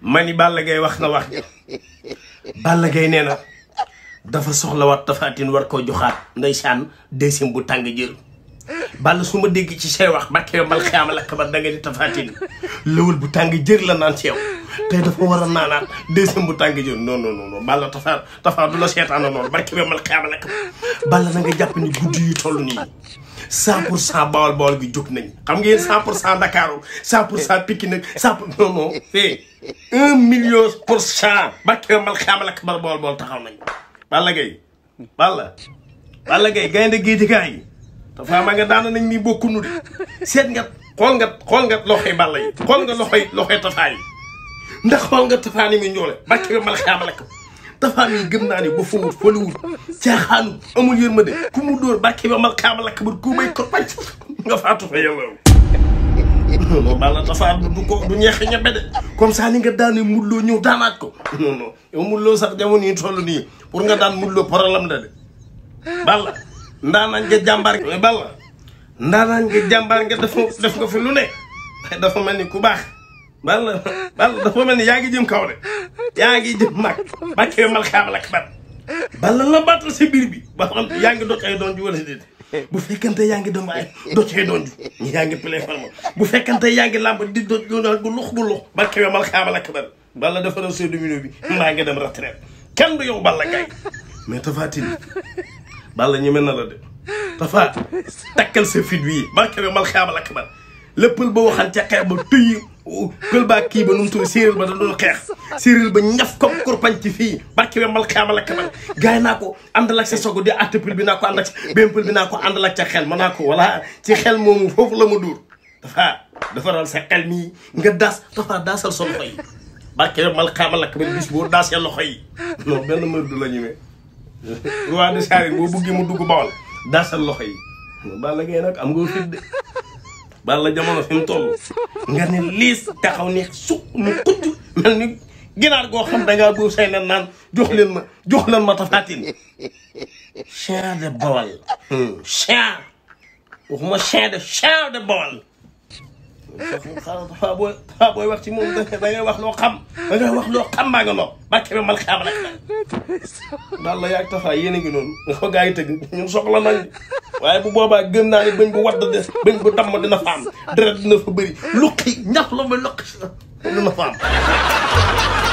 ma bàll Balla Gaye wax na wax Balla gay nee na dafa soxlawaat Tapha Tine war ko joxaat ndeysaan deuxième bu tàng jër bàll su ma dégg ci say wax barke yow mal xeama la kabar da nga di tafaatin lëwal bu tàng jër la naan ci yow tey dafa war a naanaat deuxième bu tàng jër non non non bàll tafaar tafaar du la seetaana noonu barke yow mal xeama la kabar bàll na nga jàpp ni guddi yu toll nii cent pour cent bawal bawal gi jóg nañ xam ngeen cent pour cent Dakaaru cent pour cent Pikine nag cent pour non non fee eh, un million pour cent barke yow mal xeama la kabar bawal bawal taxaw nañ Balla Gaye Balla Balla Gaye gaynde géej gaay dafa maa nga daana nañ nii bokkunu de seet nga xool nga xool nga loxoy bàll yi xool nga loxoy loxoy tafaa yi ndax xool nga tafaa ni mu ñoole barke bi mal xaama lekk tafaa mi gëm naa ne ba fumut foliwul caaxaanu amul yërmande ku mu dóor barke bi mal xaama lekk ba ku may korpac nga faatu fa yàlla non balla tafaa du ko du ñeex ñebe de comme ça ni nga daane mulloo ñëw daanaat ko non non yow mulloo sax jamono yi toll nii pour nga daan mulloo problème la de balla ndaanaan nga jàmbaar nga balla ndaanaan nga jàmbaar nga def def nga fi lu ne dafa mel ni ku baax balla balla dafa mel ni yaa ngi jëm kaw de yaa ngi jëm mag bàkkee mal xaamal ak bat balla la battal sa biir bi ba xam yaa ngi doj ay doon ju wala yaa ngi dem ay doj ay doon ju ngi plé bu fekkante yaa ngi di doj bu lux bu lux bàkkee mal xaamal ak bat balla dafa bi maa ngi dem retraite kenn du yow balla gay Balla ñeme na la de Tafa takkal sa fit wi barke bi mal la ak bar léppal ba waxal ca xeex ba tuy pël baa kii ba nu mu tudd séeréer ba da doon xeex séeréer ba ñaf ko kurpañ ci fii barke bi mal xeebal ak bar gaay naa ko àndal ak sa sogo di àtte pël bi naa ko ànd ak benn bi naa ko àndal ak ca xel ma naa ko voilà ci xel moomu foofu la ma dóor Tafa defaral sa xel mii nga daas Tafa daasal sa loxo yi barke bi mal xeebal ak bar bis boo daasee loxo yi non benn mër du la ñemee roi de Charine boo buggee mu dugg bawal daasal loxo yi. Balla Gaye nag am nga fit de Balla jamono fi mu toll nga ne liis taxaw ne su mu kucc mel ni ginaar goo xam dangaa góor say nen naan jox leen ma jox leen ma tafaatin chien de bawal hmm. chien waxuma chien de chien de bawal xaaral Tapha Boy wax ci moom da ngay wax loo xam da nga wax loo xam maa nga noo barke bi mal xaama nag daal la yaag taxaa yéen a ngi noonu nga ko gaa yi tëgg ñun soxla nañ waaye bu boobaa gëm naa ne bañ bu wadd des bañ bu damm dina fa am deret dina fa bëri luqi ñax la ma luqi